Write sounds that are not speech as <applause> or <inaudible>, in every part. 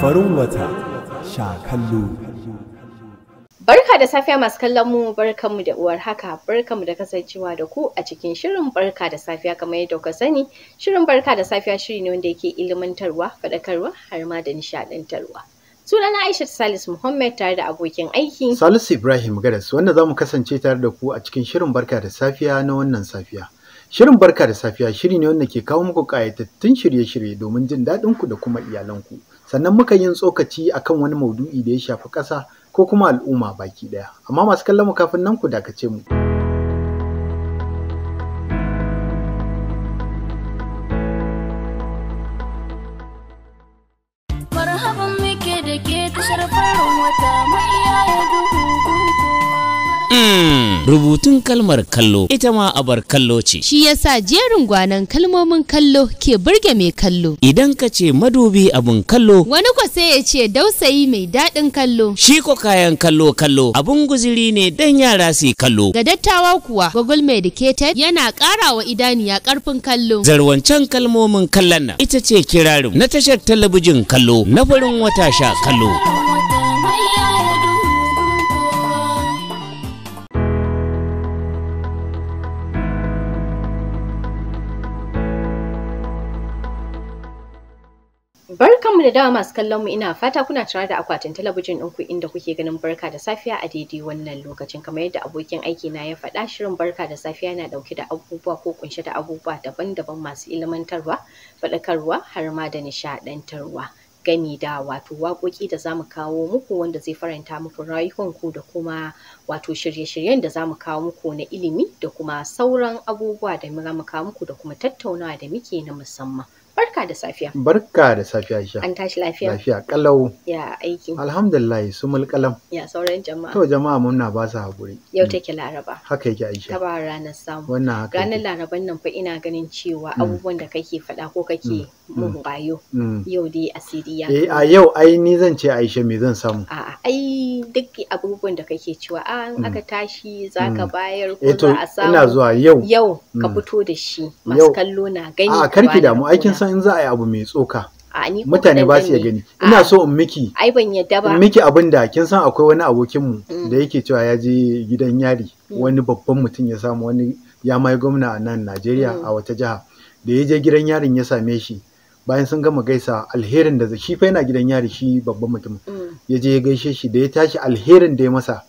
Farin wata, sha kallo. Barka da safiya masu kallon mu barkanmu da uwar haka barkanmu da kasancewa da ku a cikin shirin barka da safiya kamar yadda ku sani shirin barka da safiya shiri ne wanda yake ilimantarwa faɗakarwa har ma da nishaɗantarwa. Sunana Aisha Salis Muhammad tare da abokin aiki. Salisu Ibrahim Garas wanda za mu kasance tare da ku a cikin shirin barka da safiya na wannan safiya. Shirin barka da safiya shiri ne wanda ke kawo muku ƙayatattun shirye-shirye domin jin daɗinku da kuma iyalanku. Sannan muka yin tsokaci akan wani maudu'i da ya shafi ƙasa ko kuma al'umma baki ɗaya. Amma masu kallon mu kafin nan ku dakace mu. rubutun kalmar kallo ita ma abar kallo ce shi yasa jerin gwanan kalmomin kallo ke burge mai kallo idan ka ce madubi abin kallo wani ko sai ya ce dausayi mai daɗin kallo shi ko kayan kallo kallo abun guziri ne dan yara su kallo ga dattawa kuwa google medicated yana ƙara wa idaniya ƙarfin kallo zarwancan kalmomin kallon nan ita ce kirarin na tashar talabijin kallo na farin wata sha kallo mu da dawa masu kallon mu ina fata kuna tare da akwatin talabijin ɗinku inda kuke ganin barka da safiya a daidai wannan lokacin kamar yadda abokin aiki na ya faɗa shirin barka da safiya yana ɗauke da abubuwa ko kunshe da abubuwa daban-daban masu ilmantarwa faɗakarwa har ma da nishaɗantarwa gami da wato waƙoƙi da zamu kawo muku wanda zai faranta muku rayukanku da kuma wato shirye-shiryen da zamu kawo muku na ilimi da kuma sauran abubuwa da zamu kawo muku da kuma tattaunawa da muke na musamman Barka da safiya. Barka da safiya Aisha. An tashi lafiya. Lafiya kalau. Ya aiki. Alhamdulillah su mulkalam. Ya sauran jama'a. To jama'a muna ba su haƙuri. Yau take Laraba. Haka yake Aisha. Tabar ranar samu. Wannan haka. Ranar Laraban nan fa ina ganin cewa mm. abubuwan da kake faɗa ko kake mm. mugun mm. bayo mm. yau dai asiri ya eh, a yau ai ni zan ce aisha me zan samu a ai duk abubuwan da kake cewa a ah, an mm. aka tashi za ka bayar ko eh, za a samu ina zuwa yau yau ka fito da shi masu kallo na gani a karki damu aikin san in za a yi abu mai tsoka mutane ba su iya gani ina so in miki ai ban yadda ba in miki abin da kin san akwai wani abokin mu da yake cewa ya je gidan yari wani babban mutum ya samu wani ya mai gwamna a nan Najeriya a wata jiha da ya je gidan yarin ya same shi bayan sun gama gaisa alherin da shi fa yana gidan yari shi babban mutum mm. ya je ya gaishe shi da ya tashi alherin da ya masa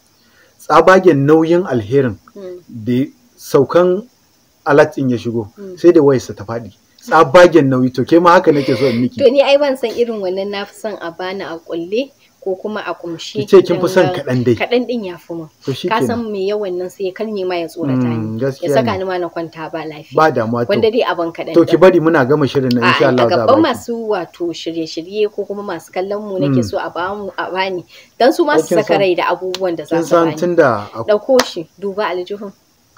tsabagen nauyin alherin mm. da saukan alatin ya shigo mm. sai da wayarsa ta faɗi tsabagen nauyi to ke ma haka nake so in miki to ni ai ban san irin wannan na fi son a bani a kulle ko kuma a kumshi ce kin fi son kaɗan dai kaɗan din ya fi mun ka san me yawan nan sai kan nima ya tsorata ni mm, ya saka ni ma na kwanta ba lafiya ba damuwa wanda dai abin kaɗan to ki bari muna gama shirin nan insha Allah za a gaban masu wato shirye-shirye ko kuma masu kallon mu nake mm. so a ba mu a bani dan su ma su saka rai da abubuwan da za su bani tunda dauko shi duba aljihun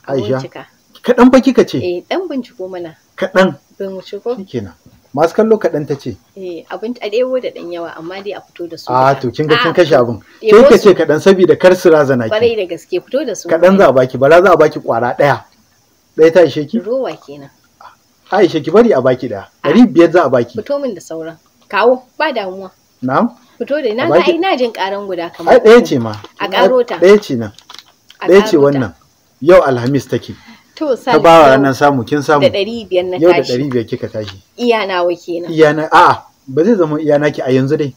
Aisha kaɗan ba kika ce eh dan binciko mana kaɗan binciko shikenan masu kallo kaɗan ta ce. Eh, abin a ɗewo da ɗan yawa amma dai a fito da su. Ah, a to kin ga ah, kin kashe abin. Ke ka ce kaɗan saboda kar su razana ki. Barai da gaske fito da su. Kaɗan za a baki bara za a baki ƙwara ɗaya. Ɗaya ta ishe ki. Rowa kenan. A ishe ki bari a baki ɗaya. Ɗari ah. biyar za a baki. Fito min da sauran. Kawo ba damuwa. Na'am. Fito da na ga ai na jin ƙaran guda kamar. Ai ɗaya ce ma. A ƙaro ta. Ɗaya ce nan. Ɗaya ce wannan. Yau Alhamis take. To ta bawa ranar samu kin samu. Da ɗari biyar na tashi. Yau da ɗari biyar kika tashi. Iya nawa kenan. Iya na a'a ba zai zama iya ki a yanzu dai.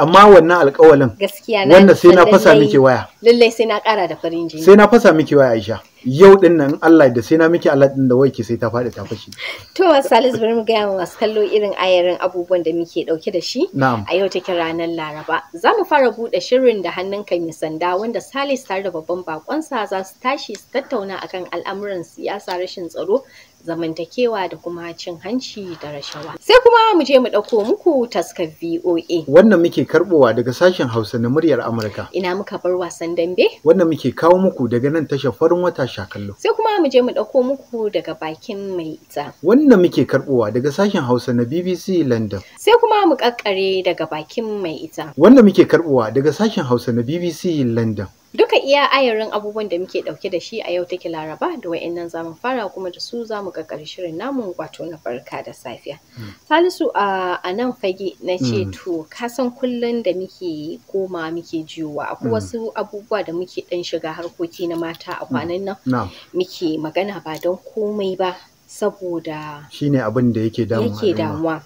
amma wannan alƙawalin. Gaskiya na. Wanda sai na fasa miki waya. Lallai sai na ƙara da farin jini. Sai na fasa miki waya Aisha. yau din nan Allah da sai na miki Allah din da wai ke sai ta faɗi ta fashi. To Salisu bari mu gaya wa wasu kallo irin ayarin abubuwan da muke ɗauke da shi a yau take ranar Laraba. Za mu fara buɗe shirin da hannun hannunka mai sanda wanda Salis tare da babban bakonsa za su tashi su tattauna akan al'amuran siyasa rashin tsaro zamantakewa da kuma cin hanci da rashawa. Sai kuma mu je mu ɗauko muku taskar VOA. Wannan muke karɓowa daga sashen Hausa na muryar Amurka. Ina muka bar wasan dambe? Wannan muke kawo muku daga nan tashar farin wata sha kallo. Sai kuma mu je mu ɗauko muku daga bakin mai ita. Wanda muke karɓowa daga sashen Hausa na BBC London. Sai kuma mu ƙaƙƙare daga bakin mai ita. Wanda muke karɓowa daga sashen Hausa na BBC London. Duka iya ayarin abubuwan da muke ɗauke da shi a yau take Laraba da wa'annan zamu fara kuma da su zamu ga shirin namu wato na farka da safiya. Hmm. Salisu a nan fage na ce hmm. to kasan kullum da muke koma muke jiyowa akwai hmm. wasu abubuwa da muke ɗan shiga harkoki na mata a kwanan nan muke magana ba don komai ba saboda shine abin da yake damuwa.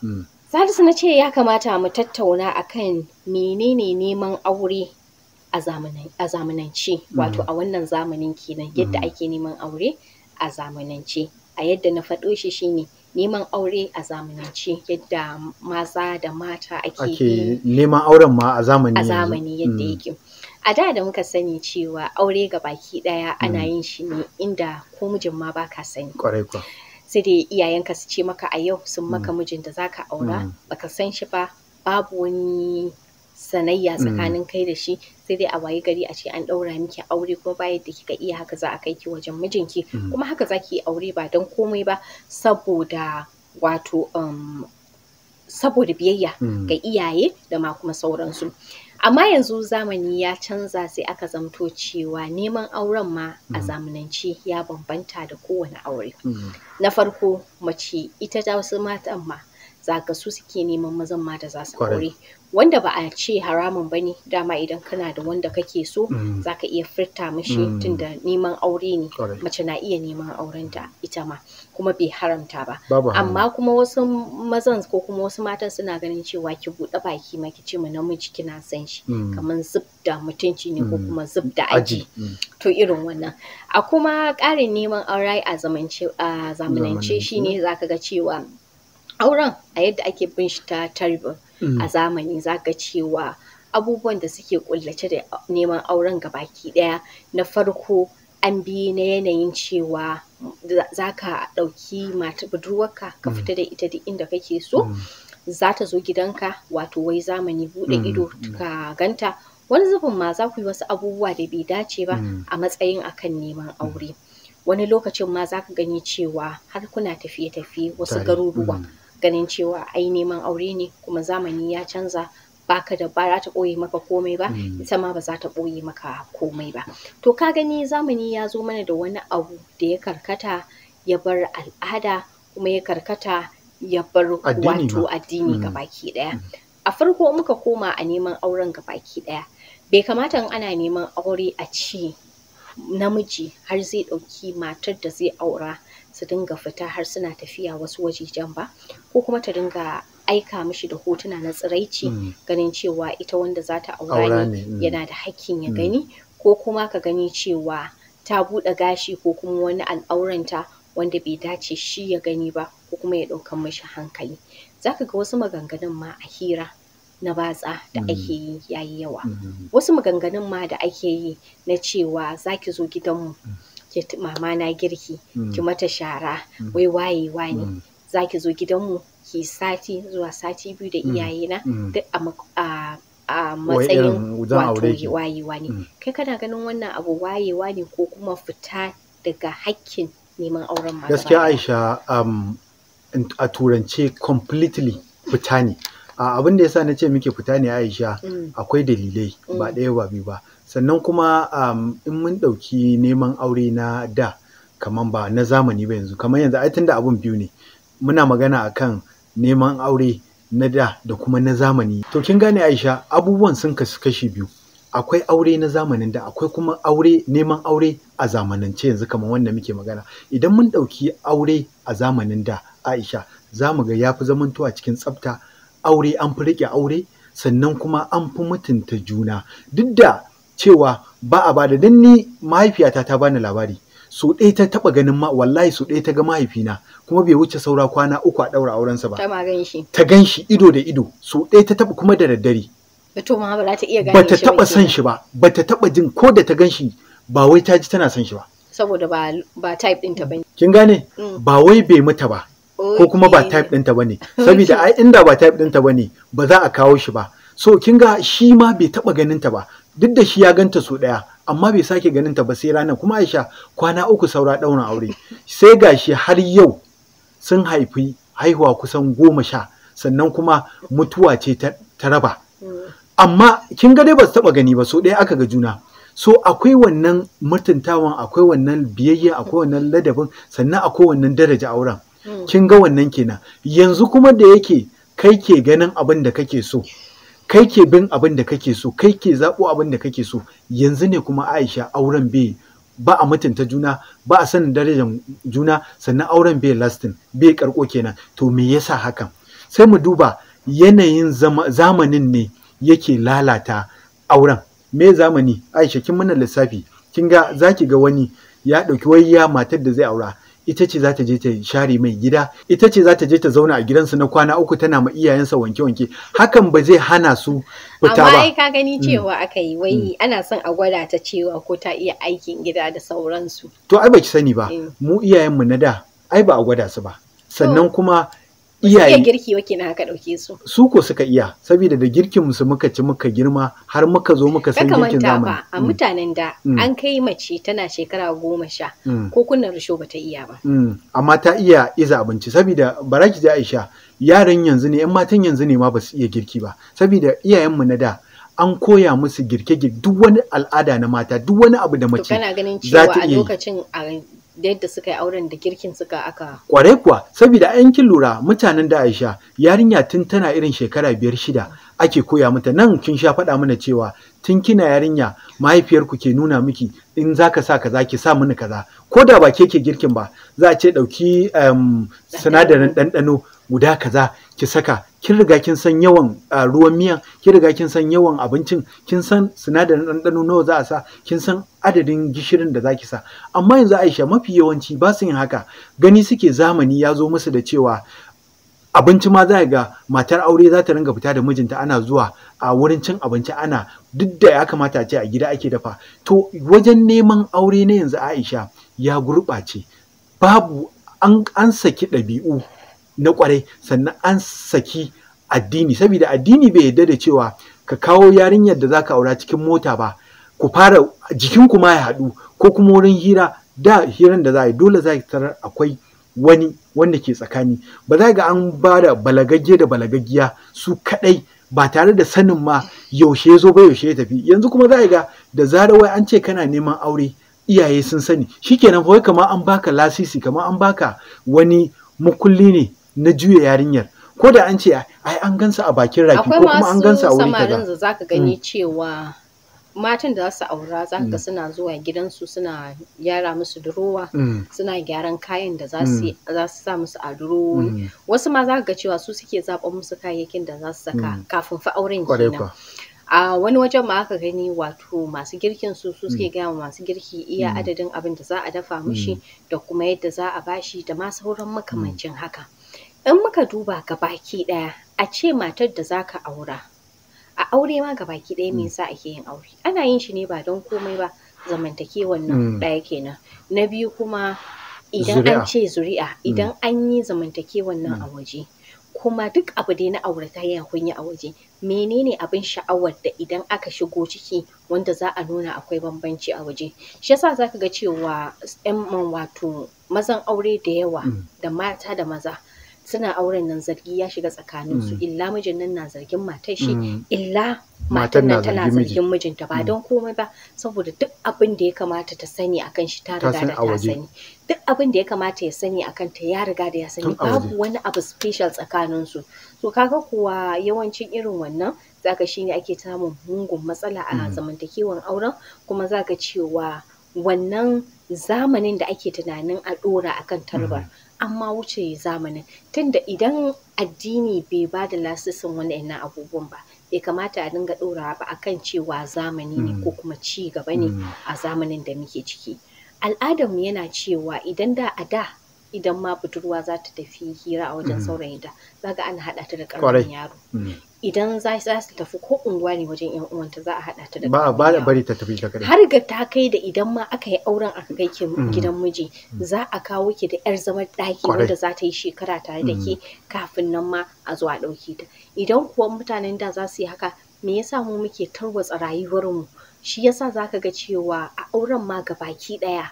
Salisu na ce ya kamata mu tattauna akan menene neman aure a zamanance wato mm. a wannan zamanin kenan yadda mm. ake neman aure a zamanance a yadda na faɗo shi shine neman aure a zamanance yadda maza da mata ake neman auren ma a zamani a zamani yadda mm. yake a da da muka sani cewa aure ga baki ɗaya ana yin shi ne inda ko mijin ma baka sani kwarai kwa sai dai iyayenka su ce maka a yau sun maka mijin da zaka aura baka san shi ba babu wani sanayya mm. tsakanin kai da shi sai dai a wayi gari a ce an ɗaura miki aure kuma ba yadda kika iya haka za a kai ki wajen mijinki mm. kuma haka za ki yi aure ba don komai ba saboda wato um, saboda biyayya mm. ga iyaye da ma kuma sauransu amma yanzu zamani ya canza sai aka zamto cewa neman auren ma a zamanance ya bambanta da kowane aure na farko mace ita ta wasu matan ma zaka su suke neman mazan mata da za su aure wanda ba a ce haramun ba ne dama idan kana da wanda kake so mm. zaka iya furta mm. tun da neman aure ne mace na iya neman aurenta ita ma kuma bai haramta ba amma kuma wasu mazan ko kuma wasu matan suna ganin cewa ki buɗe baki ma ki ce ma namiji kina san shi mm. kamar zub da mutunci ne ko kuma zub da aji to irin wannan a kuma ƙarin neman aure a zamanance shine zaka ga cewa auren a yadda ake bin shi ta tarbin mm. a zamani zaka cewa abubuwan da suke kullace da neman auren gabaki ɗaya na farko an bi na yanayin cewa za ka ɗauki mata budurwarka ka mm. fita da ita duk inda kake so mm. za ta zo gidanka wato wai zamani buɗe ido ka ganta wani zubin ma za ku yi wasu abubuwa da bai dace ba a matsayin akan neman aure wani lokacin ma za ka gani cewa har kuna tafiye-tafiye wasu garuruwa ganin cewa ai neman aure ne kuma zamani ya canza baka da ba za ta ɓoye maka komai ba mm. ita ma ba za ta ɓoye maka komai ba to ka gani zamani ya zo mana da wani abu da ya karkata ya bar al'ada kuma ya karkata ya bar wato addini mm. gabaki ɗaya. Mm. a farko muka koma a neman auren gabaki ɗaya. bai kamata in ana neman aure a ci namiji har zai ɗauki matar da zai aura su dinga fita har suna tafiya wasu wajejen ba ko kuma ta dinga aika mishi da hotuna na tsiraici mm. ganin cewa ita wanda za ta aura ne mm. yana da hakkin ya mm. gani ko kuma ka gani cewa ta buɗe gashi ko kuma wani al'auranta wanda bai dace shi ya gani ba ko kuma ya ɗaukan mishi hankali Za ka ga wasu maganganun ma a hira na batsa da mm. ake yi yayi yawa mm-hmm. wasu maganganun ma da ake yi na cewa zaki zo gidanmu mm. ki mama na girki mm. ki mata shara wai wayewa ne zaki zo gidanmu ki sati zuwa sati biyu da iyayena duk a matsayin wato wayewa ne kai kana ganin wannan abu wayewa ne ko kuma fita daga hakkin neman auren mata gaskiya aisha um, a turance completely fita ne abin da yasa na ce muke fita ne Aisha mm. akwai dalilai mm. ba ɗaya ba biyu ba sannan kuma um, in mun ɗauki neman aure na da kaman ba na zamani ba yanzu Kamar yanzu ai da abun biyu ne muna magana akan neman aure na da da kuma na zamani to kin gane Aisha abubuwan sun kasu kashi biyu akwai aure na zamanin da akwai kuma aure neman aure a zamanance yanzu kamar wanda muke magana idan mun ɗauki aure a zamanin da Aisha za mu ga ya fi zamantowa cikin tsafta aure an fi riƙe aure sannan kuma an fi mutunta juna duk da cewa ba a ba dan ni mahaifiyata ta bani labari so ɗaya ta taɓa ganin ma wallahi so ɗaya ta ga mahaifina kuma bai wuce saura kwana uku a ɗaura aurensa ba ta gan shi ido da ido so ɗaya ta taɓa kuma da daddare to ma ba ta iya gane ba ta taɓa san shi ba ba ta taɓa jin ko da ta gan shi ba wai ta ji tana san shi ba saboda ba ba type ɗinta ba kin gane mm. ba wai bai mata ba ko kuma ba type ɗinta ba ne saboda ai inda ba type ɗinta ta ne ba za a kawo shi ba so kin ga shi ma bai taɓa ta ba duk da shi ya ganta su ɗaya amma bai sake ganinta ba sai ranar kuma aisha kwana uku saura ɗaurin aure sai gashi har yau sun haifi haihuwa kusan goma sha sannan kuma mutuwa ce ta raba hmm. amma kin ga dai ba su taɓa gani ba so ɗaya aka ga juna so akwai wannan mutuntawan akwai wannan biyayya akwai wannan ladabin sannan akwai wannan daraja auren kin ga wannan kenan yanzu kuma da yake kai ke ganin abin da kake so kai ke bin abin da kake so kai ke zaɓo abin da kake so yanzu ne kuma aisha auren bai ba a mutunta juna ba a sanin darajar juna sannan auren bai lastin bai karko kenan to me yasa hakan sai mu duba yanayin zamanin ne yake lalata auren me zamani aisha kin mana lissafi kin ga zaki ga wani ya ɗauki wai ya matar da zai aura ita ce za ta je ta share mai gida ita ce za ta je ta zauna a gidansu na kwana uku tana ma iyayensa wanke-wanke hakan ba zai hana su fita ba amma ka gani mm. cewa aka yi wai mm. ana son a gwada ta cewa ko ta iya aikin gida da sauransu to ai baki sani ba eh. mu iyayenmu na da ai ba a gwada su ba sannan kuma iyaye iya girki wake na haka dauke su su ko suka iya saboda da girkin musu muka ci muka girma har muka zo muka san girkin zamani Kaka ba a mm. mutanen da mm. an kai mace tana shekara goma sha mm. ko kunnan rusho bata iya ba amma ta iya iza abinci saboda baraki da Aisha yaran yanzu ne yan matan yanzu ne ma ba su iya girki ba saboda iyayenmu na da an koya musu girke-girke duk wani al'ada na mata duk wani abu da mace za ta iya yi. a da yadda suka yi auren da girkin suka aka. Kwarai kuwa, saboda an kin lura mutanen da Aisha yarinya tun tana irin shekara biyar shida ake koya mata nan kin sha faɗa mana cewa tun kina yarinya mahaifiyarku ke nuna miki in za ka sa kaza ki sa mini kaza ko da ba ke ke girkin ba za a ce ɗauki sinadarin ɗanɗano guda kaza ki saka kin riga kin san yawan ruwan miya kin riga kin san yawan abincin kin san sinadarin ɗanɗano nawa za a sa kin san adadin gishirin da zaki sa amma yanzu Aisha mafi yawanci ba su yin haka gani suke zamani ya zo musu da cewa abinci ma za ga matar aure za ta ringa fita da mijinta ana zuwa a wurin cin abinci ana duk da ya kamata a ce a gida ake dafa to wajen neman aure na yanzu Aisha ya gurɓace babu an saki ɗabi'u na kwarai sannan an saki addini saboda addini bai yarda da cewa ka kawo yarinyar da zaka aura cikin mota ba ku fara jikinku ma ya haɗu ko kuma wurin hira da hiran da za a yi dole za tarar akwai wani wanda ke tsakani ba za ga an ba da balagagge da balagaggiya su kaɗai ba tare da sanin ma yaushe zo ba yaushe ya tafi yanzu kuma za ga da zarar wai an ce kana neman aure iyaye sun sani Shi shikenan fa kama an baka lasisi kamar an baka wani mukulli ne na juya yarinyar ko da an ce ai an gansa a bakin rafi ko kuma an gansa a wuri kaza akwai masu zaka gani mm. cewa matan da za su aura za ka mm. suna zuwa gidansu suna gyara musu durowa mm. suna gyaran kayan da za su sa musu a wasu ma za ka ga cewa su suke zaɓan musu kayayyakin da za su saka kafin fa auren kenan a wani wajen ma aka gani wato masu girkin su su suke gaya masu girki iya adadin abin da za a dafa mishi da kuma yadda za a bashi da ma sauran makamancin haka in muka duba gabaki ɗaya a ce matar da za ka aura a aure ma gabaki ɗaya me mm. yasa ake yin aure ana yin shi ne ba don komai ba zamantakewan nan mm. ɗaya kenan na biyu kuma idan an ce zuri'a idan mm. an yi zamantakewan nan a waje kuma duk abu dai na aurata kun yi a waje menene abin sha'awar da idan aka shigo ciki wanda za a nuna akwai bambanci a waje shi yasa ka ga cewa yan wato mazan aure da yawa da mata da maza suna auren nan zargi ya shiga tsakaninsu su mm. illa mijin nan na zargin matar shi mm. illa matar nan tana zargin mijinta ba mm. don komai ba saboda duk abin da ya kamata ta sani akan shi ta riga da ta sani duk abin da ya kamata ya sani akan ta ya riga da ya sani babu wani abu special tsakaninsu su to kaga kuwa yawancin irin wannan zaka shine ake samun mungun matsala a zamantakewan auren kuma zaka cewa wannan zamanin da ake tunanin a ɗora a kan tarbar mm. amma wuce zamanin tunda idan addini bai ba da lasisin wani wa'annan abubuwan ba bai kamata a dinga ɗora ba a kan cewa zamani ne ko mm. kuma ci gaba ne mm. a zamanin da muke ciki al'adarmu yana cewa idan da a da idan ma budurwa za ta tafi hira a wajen mm-hmm. saurayinta za ga ana haɗa ta da ƙarfin yaro mm-hmm. idan za su tafi ko unguwa ne wajen yan uwanta za a haɗa ta da yaro ba da bari ta tafi da har ga ta kai da idan ma aka yi auren aka kai ki mm-hmm. gidan miji za a kawo ki da yar zaman ɗaki wanda za ta yi shekara tare da ke kafin nan ma a zo a ɗauki ta idan kuwa mutanen da za su yi haka me yasa mu muke tarwatsa rayuwarmu shi yasa ka ga cewa a auren ma ga baki ɗaya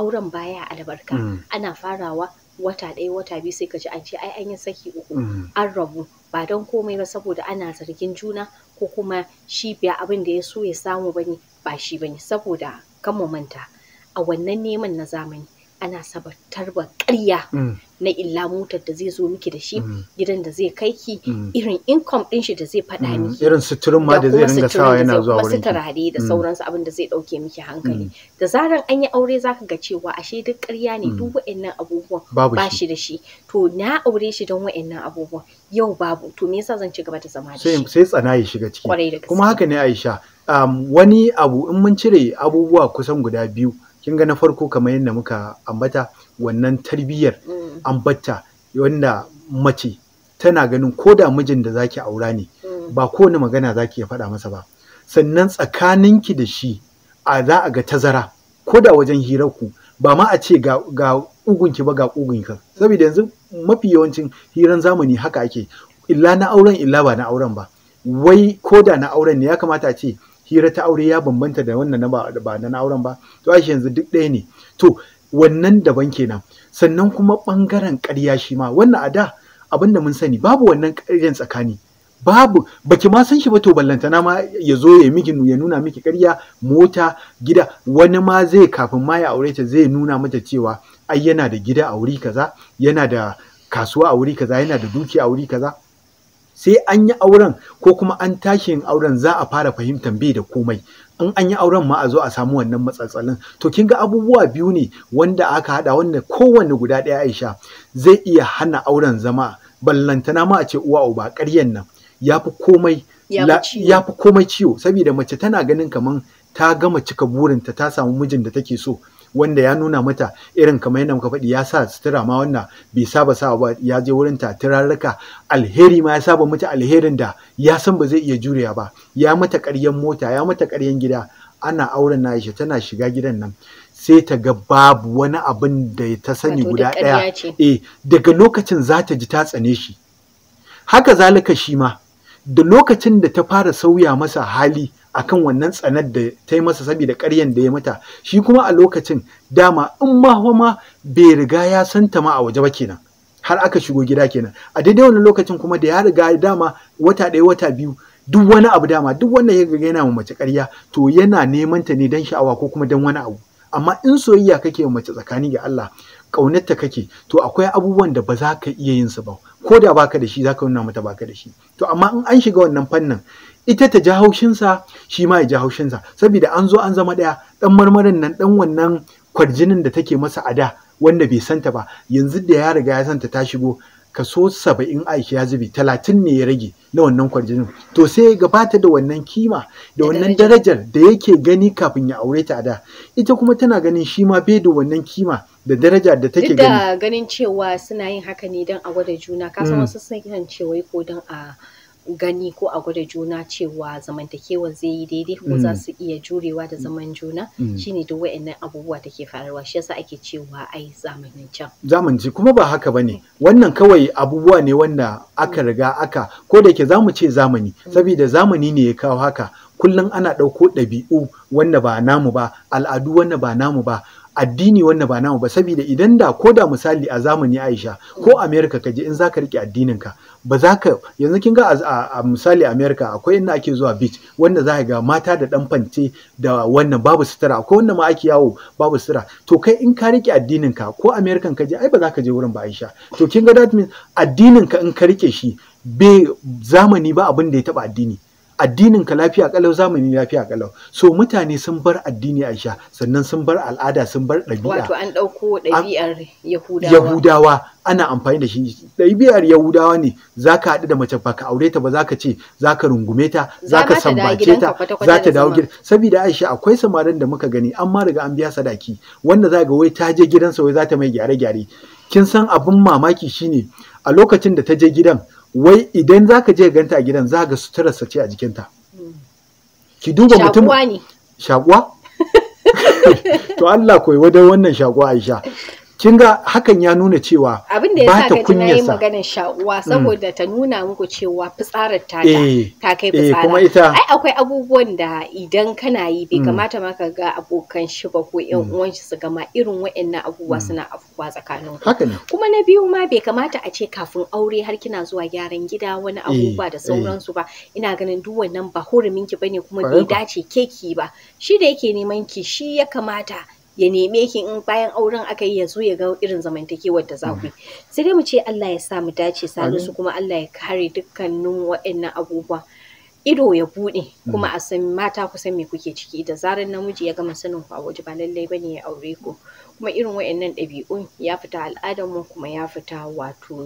auren baya albarka mm. ana farawa wata ɗaya wata biyu sai ka ji an ce ai an yi saki uku mm. an rabu ba don komai ba saboda ana zargin juna ko kuma shi biya abin da ya so ya samu bane ba shi bane saboda kan mu manta a wannan neman na zamani ana sabatar ba ƙarya mm. na illa motar da zai zo miki da shi mm. gidan da zai kai ki mm. irin income din shi da zai faɗa miki irin suturin ma da zai ringa sawa yana zuwa wurin ki turare da sauransu abin da zai ɗauke miki hankali da zaran an yi aure zaka ga cewa ashe duk ƙarya ne duk wa'annan abubuwan ba shi da shi to na aure shi don wa'annan abubuwan yau babu to me yasa zan ci gaba da zama da shi sai tsana ya shiga ciki kuma haka ne Aisha wani abu in mun cire abubuwa kusan guda biyu kin ga na farko kamar yadda muka ambata wannan tarbiyyar mm. ambata wanda mace tana ganin ko da mijin da zaki aura ne mm. ba kowane magana zaki ya faɗa masa ba sannan tsakaninki da shi a za a ga tazara ko da wajen hirarku ba ma a ce ga, ga ugunki ba ga ugunka saboda yanzu mafi yawancin hiran zamani haka ake illa na auren illa ba na auren ba wai ko da na auren ne ya kamata a ce hira ta aure ya bambanta da wannan ba na auren ba to a yanzu duk ɗaya ne to wannan daban kenan sannan kuma ɓangaren ƙarya shi ma wannan a da abin da mun sani babu wannan ƙaryan tsakani babu baki ma san shi ba to ballantana ma ya zo ya miki ya nuna miki karya, mota gida wani ma zai kafin ma ya aure ta zai nuna mata cewa ai yana da gida a wuri kaza yana da kasuwa a wuri kaza yana da dukiya a wuri kaza sai an yi auren ko kuma an tashi yin auren za a fara fahimtar bai da komai in an yi auren ma a zo a samu wannan matsatsalin to kin ga abubuwa biyu ne wanda aka hada wanda kowanne guda ɗaya Aisha zai iya hana auren zama ballantana ma a ce uwa uba ƙaryan nan yafi komai yafi komai ciwo saboda mace tana ganin kaman ta gama cika burinta ta samu mijin da take so wanda ya nuna mata irin kamar yadda muka faɗi ya sa sutura ma wannan bai saba sa ba ya je wurin ta turarruka alheri ma ya saba mata alherin da ya san ba zai iya jurewa ba ya mata ƙaryan mota ya mata ƙaryan gida ana auren na Aisha tana shiga gidan nan sai ta ga babu wani abin da ta sani guda ɗaya eh daga lokacin za ta ji ta tsane shi haka zalika shi ma da lokacin da ta fara sauya masa hali akan wannan tsanar da ta yi masa saboda ƙaryan da ya mata shi kuma a lokacin dama in ma ma bai riga ya santa ma a waje ba kenan har aka shigo gida kenan a daidai wani lokacin kuma da ya riga dama wata ɗaya wata biyu duk wani abu dama duk wannan ya riga yana mace ƙarya to yana neman ta ne dan sha'awa ko kuma dan wani abu amma in soyayya kake mace tsakani ga Allah ƙaunarta kake to akwai abubuwan da ba za ka iya yin su ba ko da baka da shi za ka nuna mata baka da shi to amma in an shiga wannan fannin ita ta ji haushinsa shi ma ya ji haushinsa saboda an zo an zama ɗaya ɗan marmarin nan ɗan wannan kwarjinin da take masa a da wanda bai santa ba yanzu da ya riga ya santa ta shigo kaso saba'in aiki ya zubi talatin ne ya rage na wannan kwarjinin to sai ya gabata da wannan kima da wannan darajar da yake gani kafin ya aure ta a da ita kuma tana ganin shi ma bai da wannan kima da daraja da take gani. duk da ganin cewa suna yin haka ne don a gwada juna ka san mm. wasu sun cewa ko don a gani ko a gwada juna cewa zamantakewa zai yi daidai ko za mm. su iya jurewa da zaman juna mm. shine duk wa'annan abubuwa da ke faruwa shi yasa ake cewa ai zamanin can zamanci kuma ba haka bane wannan kawai abubuwa ne wanda aka riga aka ko da yake zamu ce zamani saboda zamani ne ya kawo haka kullum ana ɗauko ɗabi'u wanda ba namu ba al'adu wanda ba namu ba addini wanda ba namu ba saboda idan da ko da misali a zamani Aisha ko America ka je in zaka rike addinin ka ba za ka yanzu kin ga a misali America akwai inda ake zuwa beach wanda za ka ga mata da dan fance da wannan babu sutura akwai wanda ma ake yawo babu sutura to kai in ka rike addinin ka ko American ka je ai ba za ka je wurin ba Aisha to kin ga that means addinin ka in ka rike shi be zamani ba abin da ya taba addini addinin ka lafiya kalau zamani lafiya kalau so mutane sun bar addini aisha sannan sun bar al'ada sun bar ɗabi'a wato an ɗauko ɗabi'ar yahudawa yahudawa ana amfani da shi ɗabi'ar yahudawa ne za ka haɗu da mace baka aure ta ba za ce zaka rungume ta za ka sambace ta za dawo gidan saboda aisha akwai samarin da muka gani an ma riga an biya sadaki wanda za ga wai ta je gidansa wai zata mai gyare-gyare kin san abin mamaki shine a lokacin da ta je gidan wai idan za ka je ganta a gidan za ga sutura ce a jikinta ki duba mutum shakuwa <laughs> to Allah koyi wadan wannan shakuwa Aisha kin ga hakan ya nuna cewa abin da ya sa ka yi maganar sha'uwa mm. saboda ta nuna muku cewa fitsarar ta eh, ta kai eh, fitsara ai akwai abubuwan da idan kana yi bai mm. kamata ma ka ga abokan shi ba ko yan mm. uwan shi su ma irin waɗannan abubuwa suna afkuwa tsakanin kuma na biyu ma bai kamata a ce kafin aure har kina zuwa gyaran gida wani eh, abubuwa da sauransu ba ina ganin duk wannan ba hurumin ki bane kuma bai dace keki ba shi da yake neman ki shi ya kamata ya neme ki in bayan auren aka yi ya zo ya ga irin zamantakewar da za ku yi sai dai mu ce Allah ya sa mu dace salisu kuma Allah ya kare dukkanin waɗannan abubuwa ido ya buɗe kuma mm. a san mata ku san me kuke ciki da zarar namiji ya gama sanin ku a waje ba lallai bane ya aure ku kuma irin wayannan ɗabi'un ya fita al'adar mu kuma ya fita wato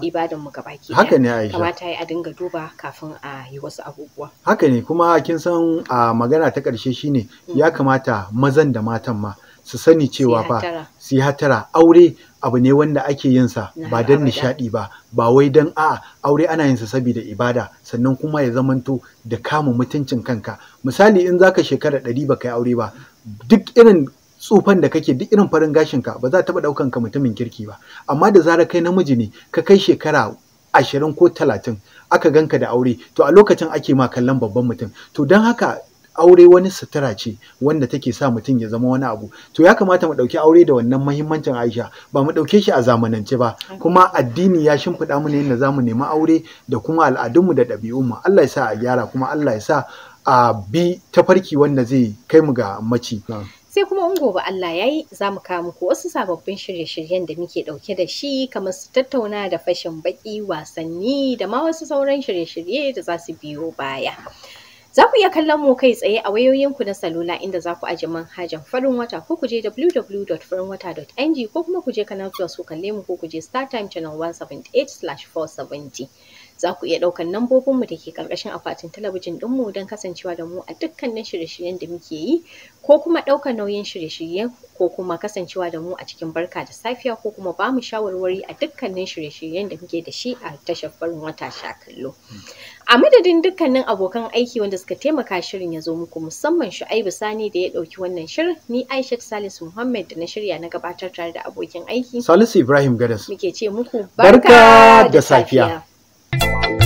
ibadan mu ke haka ne Aisha kamata ya dinga duba kafin a yi wasu abubuwa haka ne kuma kin san a magana ta ƙarshe shine mm. ya kamata mazan da matan ma su sani cewa fa su hatara aure abu ne wanda ake yin sa ba don nishaɗi ba ba wai don a'a aure ana yin sa saboda ibada sannan kuma ya zamanto da kama mutuncin kanka misali in zaka shekara ɗari ba kai aure ba duk irin tsufan da kake duk irin farin gashin ka ba za ta ɗaukan ka mutumin kirki ba amma da zarar kai namiji ne ka kai shekara ashirin ko talatin aka ganka da aure to a lokacin ake ma kallon babban mutum to don haka aure wani sutura ce wanda take sa mutum ya zama wani abu to ya kamata mu ɗauki aure da wannan mahimmancin aisha ba mu ɗauke shi a zamanance ba kuma addini ya shimfiɗa mu ne yadda za mu nemi aure da kuma al'adunmu da ɗabi'unmu allah ya sa a gyara kuma allah ya sa a bi tafarki wanda zai kai mu ga maci sai kuma in gobe Allah ya yi za mu kawo muku wasu sababbin shirye-shiryen da muke ɗauke da shi kamar su tattauna da fashin baƙi wasanni da ma wasu sauran shirye-shirye da za su biyo baya. Za ku iya kallon mu kai tsaye a wayoyinku na salula inda za ku aje manhajan farin wata ko ku je www.farinwata.ng ko kuma ku je kanal plus ku kalle mu ko ku je Star Time Channel 178/470. Za ku iya ɗaukar lambobinmu da ke ƙarƙashin akwatin talabijin ɗinmu don kasancewa da mu a dukkanin shirye-shiryen da muke yi ko kuma ɗaukar nauyin shirye-shiryen ko kuma kasancewa da mu a cikin barka da safiya ko kuma ba mu shawarwari a dukkanin shirye-shiryen da muke da shi a tashar farin wata sha kallo. A madadin dukkanin abokan aiki wanda suka taimaka shirin ya zo muku musamman Shu'aibu Sani da ya ɗauki wannan shirin ni Aishat Salisu Muhammad da na shirya na gabatar tare da abokin aiki. Salisu Ibrahim Gadas. Muke ce muku barka da safiya. Bye.